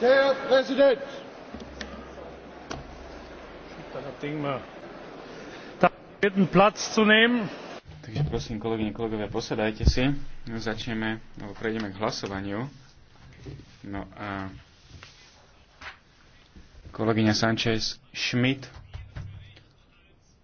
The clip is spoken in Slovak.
Herr Präsident! Takže prosím, kolegyne, kolegovia, posadajte si. No, začneme, alebo prejdeme k hlasovaniu. No a kolegyňa Sanchez Schmidt